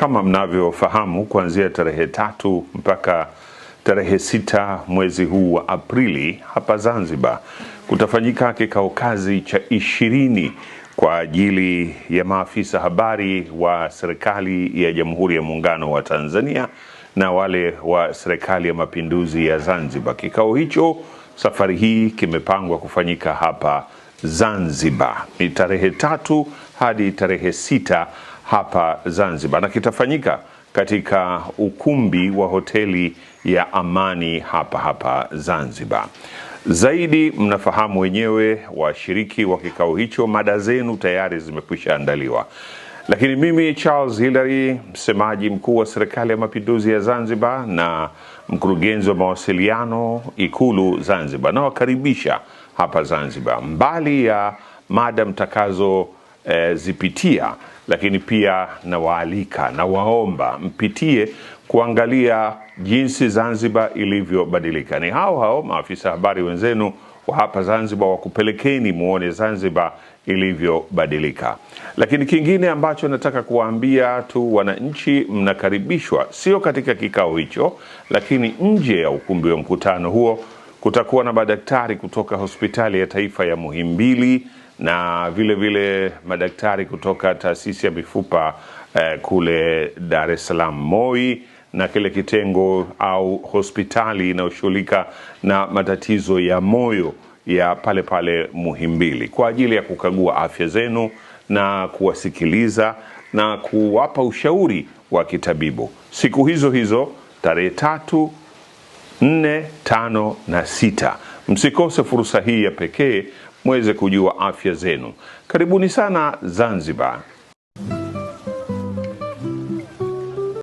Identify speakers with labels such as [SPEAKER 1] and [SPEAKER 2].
[SPEAKER 1] Kama mnavyofahamu, kuanzia tarehe tatu mpaka tarehe sita mwezi huu wa Aprili hapa Zanzibar kutafanyika kikao kazi cha ishirini kwa ajili ya maafisa habari wa serikali ya Jamhuri ya Muungano wa Tanzania na wale wa serikali ya mapinduzi ya Zanzibar. Kikao hicho safari hii kimepangwa kufanyika hapa Zanzibar, ni tarehe tatu hadi tarehe sita hapa Zanzibar, na kitafanyika katika ukumbi wa hoteli ya Amani hapa hapa Zanzibar. Zaidi mnafahamu wenyewe, washiriki wa kikao hicho, mada zenu tayari zimekwisha andaliwa, lakini mimi Charles Hilary, msemaji mkuu wa Serikali ya Mapinduzi ya Zanzibar na mkurugenzi wa mawasiliano Ikulu Zanzibar, nawakaribisha hapa Zanzibar. Mbali ya mada mtakazo e, zipitia, lakini pia nawaalika na waomba mpitie kuangalia jinsi Zanzibar ilivyobadilika. Ni hao hao maafisa habari wenzenu wa hapa Zanzibar wakupelekeni muone Zanzibar ilivyobadilika. Lakini kingine ambacho nataka kuwaambia tu wananchi, mnakaribishwa sio katika kikao hicho, lakini nje ya ukumbi wa mkutano huo Kutakuwa na madaktari kutoka hospitali ya taifa ya Muhimbili na vile vile madaktari kutoka taasisi ya mifupa eh, kule Dar es Salaam MOI na kile kitengo au hospitali inayoshughulika na matatizo ya moyo ya pale pale Muhimbili kwa ajili ya kukagua afya zenu na kuwasikiliza na kuwapa ushauri wa kitabibu. Siku hizo hizo tarehe tatu nne, tano na sita. Msikose fursa hii ya pekee mweze kujua afya zenu. Karibuni sana Zanzibar.